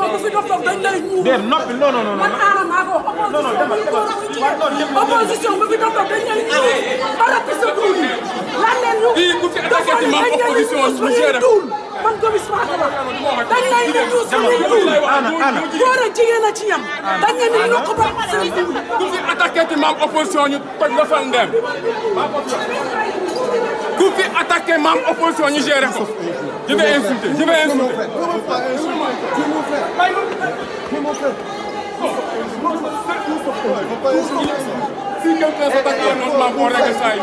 opposition bu fi dof dof dañ lay ñuul. déet noppi non non non. man aana maa ko opposition bu fi dof dof dañ lay ñuul. bala piste duul yi. lan leen ñu. fii ku fi attaqué ci maam opposition lu géré man gomis maa ko wax. dañ lay ñuul suñuy duul. ana ana góor a jigéen a ci yam. dañ leen di ñuul ko ba seen duul. ku fi attaqué ci maam opposition ñu toj la fan dem. ku fi attaqué maam opposition ñu géré ko. je vais insulter je vais insulter. si quelqu'un s'attaque à notre maam on règle ça yi.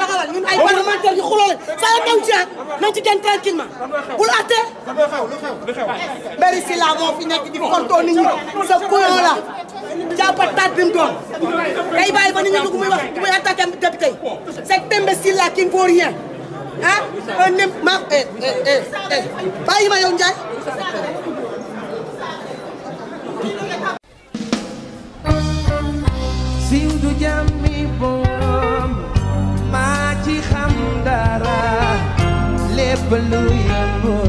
taxawal a ay parlementaire yu xuloo lañ saa yoo taw ci ak nañ ci génn tranquillement fi nekk di fontoo nit ñi sa courant la jàppal taat bi mu doon ba nit ñi ku muy wax ku muy attaqué député yi c'est Tembe Sylla qui ne vaut rien ah un nem eh, eh, eh, Hallelujah.